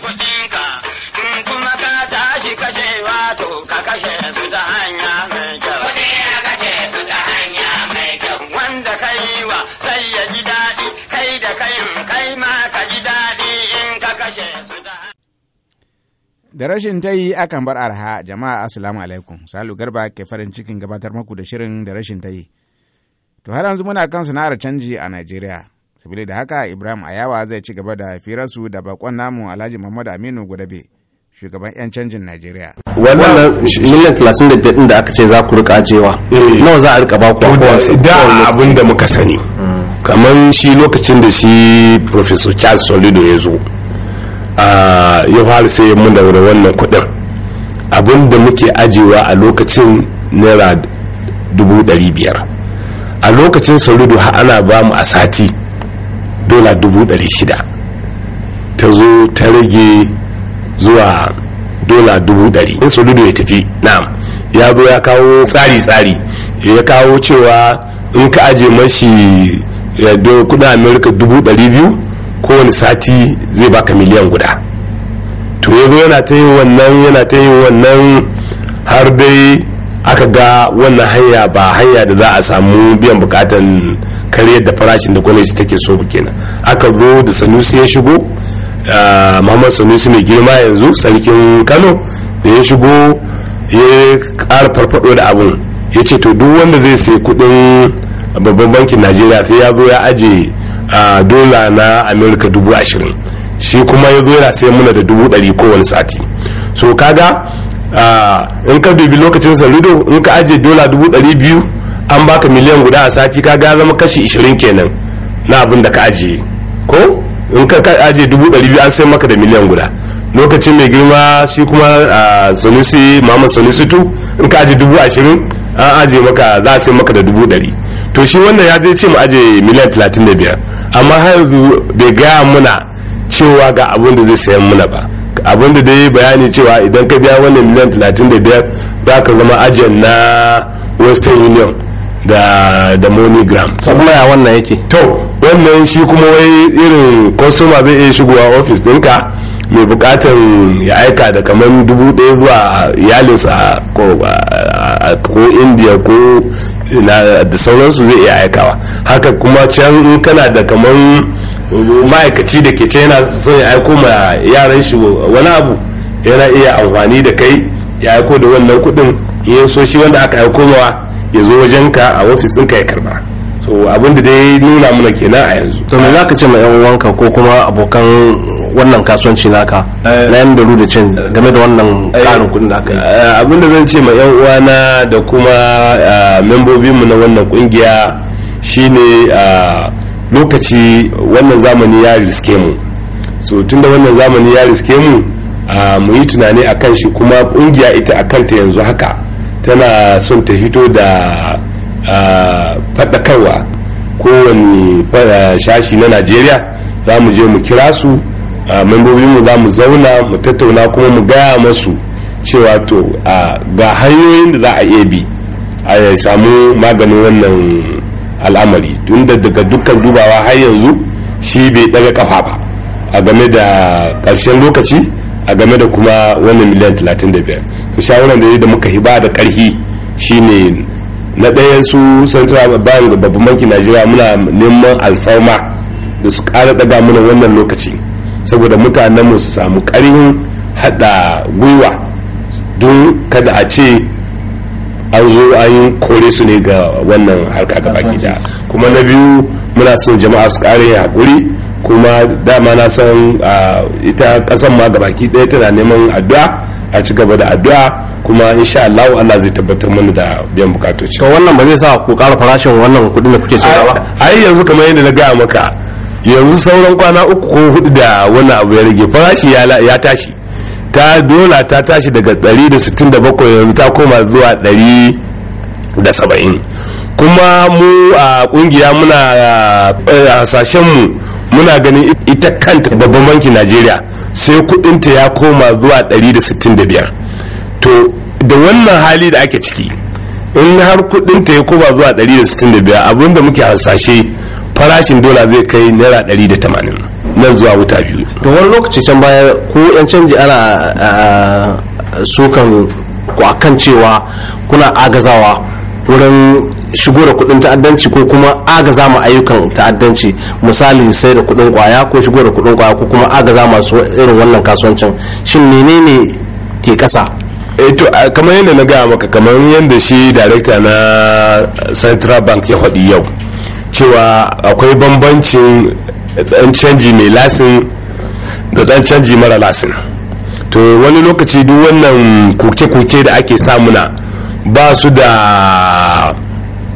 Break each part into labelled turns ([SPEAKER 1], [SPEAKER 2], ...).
[SPEAKER 1] sami in kuma ka tashi kashe wato ka kashe su ta hanya mai kyau. Wanda ka yi wa sai ya ji daɗi kai da kayin kai ma ka ji daɗi in ka kashe su ta Da rashin ta yi akan bar arha jama'a assalamu alaikum salu garba ke farin cikin gabatar maku da shirin da rashin ta yi. To har yanzu muna kan sana'ar canji a Najeriya. sabili da haka ibrahim ayawa zai ci gaba da firarsu da bakon namu alhaji muhammadu aminu gudabe shugaban 'yan canjin najeriya wannan miliyan talatin da da aka ce za ku rika ajewa eh. nawa za a rika ba ku da abin da muka sani kamar shi lokacin da shi professor charles solido ya zo ya fara sai mun da wannan kudin abin da muke ajewa a lokacin naira biyar a lokacin solido ana ba mu a sati dola dubu ɗari shida ta zo ta rage zuwa dola dubu ɗari in soludo ya tafi na'am ya zo ya kawo tsari-tsari ya kawo cewa in ka aje mashi ya kudin amerika dubu ɗari biyu kowane sati zai baka miliyan guda to ya zo yana ta yin wannan yana ta yin wannan har dai aka ga wannan hanya ba hanya da za a samu biyan bukatan karyar da farashin da gwamnati take so kenan aka zo da sanusi ya shigo ah, muhammad sanusi mai girma yanzu sarkin kano da ya shigo ya ƙara farfado da abun ya ce to duk wanda zai sai kudin babban bankin najeriya sai ya zo ya aje ah, dola na amerika dubu ashirin shi kuma ya zo yana sai muna da dubu ɗari kowane sati so kaga Ah, in ka bibi lokacin saludo in ka ajiye dola dubu ɗari biyu an baka miliyan guda a sati ka ga zama kashi ishirin kenan na abin da ka ajiye ko in ka ajiye dubu ɗari biyu an sai maka da miliyan guda lokacin mai girma shi kuma ah, sanusi mamman sanusi tu in ka ajiye dubu ashirin an ajiye maka za a sai maka da dubu ɗari to shi wannan ya je ce mu ajiye miliyan talatin da biyar amma har yanzu bai gaya mana cewa ga abin da zai sayan mana ba abinda da ya bayani cewa idan ka biya wannan miliyan 35 za ka zama ajiyar na western union da da monogram so kuma ya wannan yake to wannan shi kuma wai irin kwastoma zai iya shigowa ofis dinka mai bukatan ya aika da kamar dubu daya zuwa iyalinsa ko ko india ko da sauransu zai iya aikawa haka kuma can in kana da kamar ma'aikaci da ke can yana son ya aiko ma yaran shi wani abu yana iya amfani da kai ya aiko da wannan kuɗin yin so shi wanda aka aiko mawa ya zo wajen ka a ofis ɗinka ya karba so abin da dai nuna mana kenan a yanzu to me ka ce ma yan uwanka ko kuma abokan wannan kasuwanci naka eh. na yan da da cin game da wannan eh. karin kudin da aka yi eh, abin zan ce ma yan uwana da kuma membobinmu na wannan kungiya shine lokaci wannan zamani ya riske mu so tunda wannan zamani ya riske mu mu yi tunani a kan shi kuma kungiya ita a kanta yanzu haka tana son ta hito da faɗakarwa kowane shashi na najeriya za mu je mu kira su mu za mu zauna mu tattauna kuma mu gaya masu cewa to ga hanyoyin da za a iya bi a samu maganin wannan al'amari tunda daga dukkan dubawa har yanzu shi bai daga kafa ba a game da ƙarshen lokaci a game da kuma wannan miliyan 35 su shawaran da da muka hiba da ƙarhi shine na ɗaya su central bank babban bankin najeriya muna neman alfarma da su ƙara ɗaga mana wannan lokaci saboda mutanen mu su samu ƙarin haɗa gwiwa don kada a ce an zo an kore su ne ga wannan harka ga baki da kuma na biyu muna son jama'a su ƙare haƙuri kuma dama na san ita ƙasan ma gabaki ɗaya tana neman addu'a a ci gaba da addu'a kuma insha Allah Allah zai tabbatar mana da biyan bukatoci to wannan ba zai sa ku ƙara farashin wannan kuɗin da kuke sayarwa ai yanzu kamar yadda na gaya maka yanzu sauran kwana uku ko hudu da wani abu ya rage farashi ya tashi ta dola ta tashi daga 167 yanzu ta koma zuwa 170 kuma mu a kungiya muna eh, hasashenmu muna ganin ita kanta babban banki najeriya sai kudinta ya koma zuwa 165 to da wannan hali da ake ciki in har kudinta ya koma zuwa 165 abinda muke hasashe farashin dola zai kai naira da 180 nan zuwa wuta biyu da wani lokaci can baya ko yan canji ana sukan ku akan cewa kuna agazawa wurin shigo da kudin ta'addanci ko kuma agaza ma ayyukan ta'addanci misali sai da kudin kwaya ko shigo da kudin kwaya ko kuma agaza masu irin wannan kasuwancin shin menene ke kasa eto eh kamar yadda na gaya maka kamar yadda shi director na central bank ya faɗi yau cewa akwai bambancin dan canji mai lasin da dan canji mara lasin to wani lokaci duk wannan kuke-kuke da ake samuna ba su da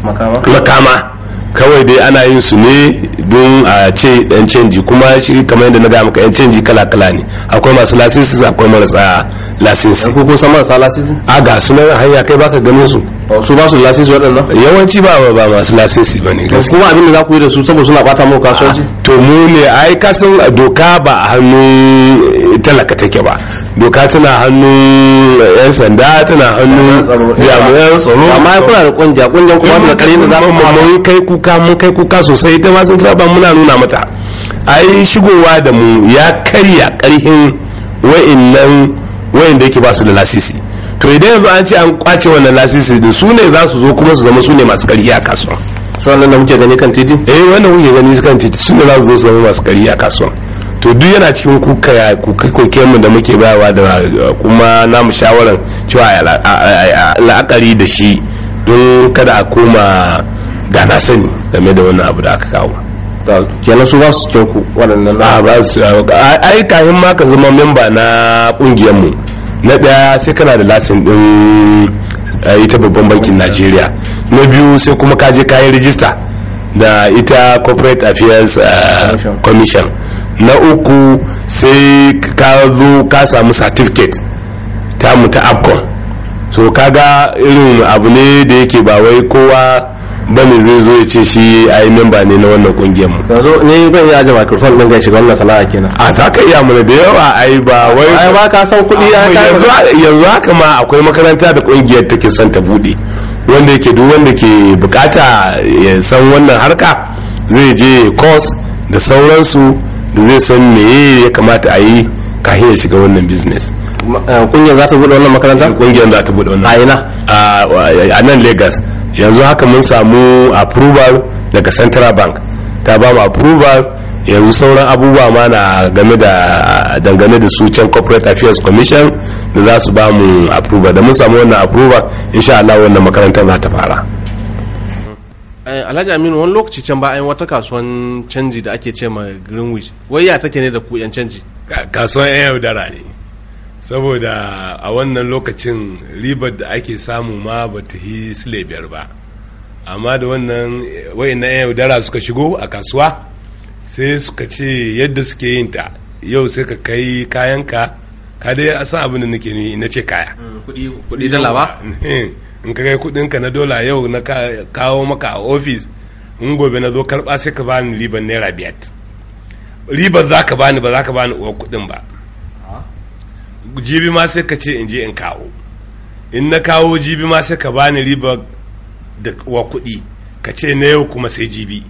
[SPEAKER 1] makama kawai dai ana yin su ne don a ce yan canji kuma shi kamar yadda na ga maka yan canji kala kala ne akwai masu lasisi akwai marasa lasisi ko kusa marasa lasisi a ga sunan hanya kai baka ganin su su ba su lasisi waɗannan yawanci ba ba masu lasisi ba ne kuma abin da za ku yi da su saboda suna bata muku kasuwanci to mu ne ai kasan doka ba a hannun talaka take ba doka tana hannun yan sanda tana hannun jami'an tsaro amma kuna da kungiya kungiyan kuma da kare da za mu kai kuka mun kai kuka sosai ita ma sun ba kuma muna nuna mata yi shigowa da mu ya karya karhin wa'in da yake ba su da lasisi to idan yanzu an ce an kwace wannan lasisi da su ne za su zo kuma su zama su ne masu karhi a kasuwa su wannan da muke gani kan titi eh wannan muke gani kan titi su ne za su zo su zama masu karhi a kasuwa to duk yana cikin kuka mu da muke bayawa da kuma namu shawaran cewa la'akari da shi don kada a koma gana sani game da wannan abu da aka kawo kenan su ba su cinku waɗannan a ba su ai kayan ma ka zama memba na ƙungiyar mu na ɗaya sai kana da lasin ɗin ita babban bankin najeriya na biyu sai kuma ka je kayan rijista da ita corporate affairs commission na uku sai ka zo ka samu certificate ta mu ta abcom so kaga irin abu ne da yake ba wai kowa bane zai zo ya ce shi yi memba ne na wannan kungiyar mu yanzu ne ban yi aje microphone din ga shiga wannan sana'a kenan a ta kai ya mana da yawa yi ba wai ba ba ka san kuɗi ya ka yanzu yanzu haka ma akwai makaranta da kungiyar take son ta buɗe wanda yake duk wanda ke bukata ya san wannan harka zai je course da sauransu da zai san me ya kamata a yi kafin ya shiga wannan business eh, kungiyar za ta buɗe wannan makaranta kungiyar za ta buɗe wannan a ina a nan lagos yanzu haka mun samu approval daga central bank ta ba mu approval yanzu sauran abubuwa ma na game da dangane da su can corporate affairs commission da za su ba mu approval da mun samu wannan approval insha Allah wannan makarantar za ta fara eh, alhaji aminu wani lokaci can ba wata kasuwan canji da ake ce ma greenwich wai ya take ne da ku yan canji kasuwan yan yaudara ne saboda a wannan lokacin ribar da ake samu ma ba ta yi sile biyar ba amma da wannan wayannan yaudara suka shigo a kasuwa sai suka ce yadda suke yin ta yau sai ka kai kayanka ka dai san abin da nake ni na ce kaya mm, kudi dala ba in ka kai ka na dola yau na kawo maka a ofis in gobe na zo karba sai ka bani ribar naira biyar ribar za ka bani ba za ka bani uwar kudin ba jibi ma sai ka ce in je in kawo in na kawo jibi ma sai ka bani riba da wa kuɗi ka ce na yau kuma sai jibi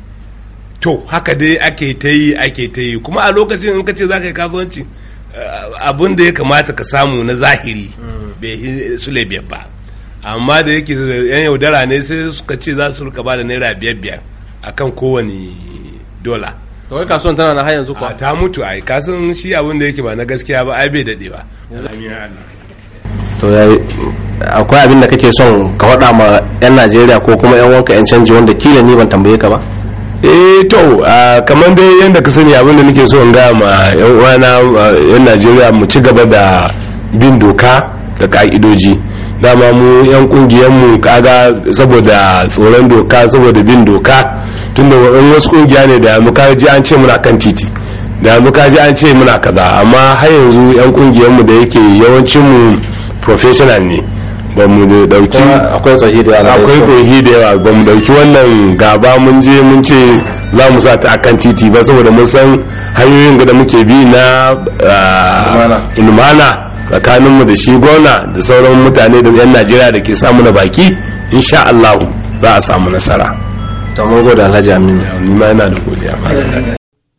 [SPEAKER 1] to haka dai ake ta yi ake ta yi kuma a lokacin in ka ce za ka yi kasuwanci eh, abin da ya kamata ka samu na zahiri bai su biyar ba amma da yake yan yaudara ne sai suka ce za su rika ba da naira biyar biyar akan kowane dola to kasuwan tana na har yanzu kuwa ta mutu ai kasan shi abin yake ba na gaskiya ba ai bai dade ba to akwai abin da kake son ka faɗa ma yan Najeriya ko kuma yan wanka yan canji wanda kila ni ban tambaye ka ba eh to kamar dai yadda ka sani abin da nake so in ga ma yan uwana yan Najeriya mu ci gaba da bin doka da ka'idoji dama mu yan kungiyar mu kaga saboda tsoron doka saboda bin doka tunda in wasu kungiya ne da muka kaji an ce muna kan titi da muka kaji an ce muna kaza amma har yanzu yan kungiyar mu da yake yawancin mu professional ne ba mu da dauki akwai tsohi da yawa akwai tsohi da yawa ba mu dauki wannan gaba mun je mun ce za mu sa ta akan titi ba saboda mun san hanyoyin da muke bi na ah, lumana tsakaninmu da shi gona da sauran mutane da 'yan najeriya da ke samu na baki insha Allah za a samu nasara mago da alhaji amin wani ma yana da godiya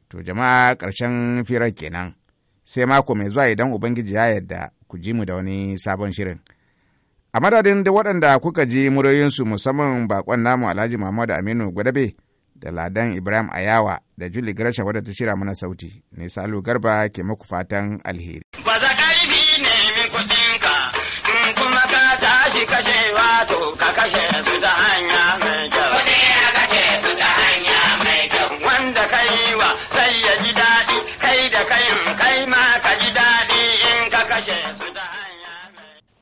[SPEAKER 1] to jama'a karshen firar kenan sai mako mai zuwa idan ubangiji ya yarda ku ji mu da wani sabon shirin a madadin da waɗanda kuka ji muroyinsu musamman bakon namu alhaji muhammadu aminu gwadabe da ladan ibrahim ayawa da juli grasha wadda ta shira mana sauti ne salu garba ke muku fatan alheri kuɗinka in kuma ka tashi kashe wato ka kashe su ta hanya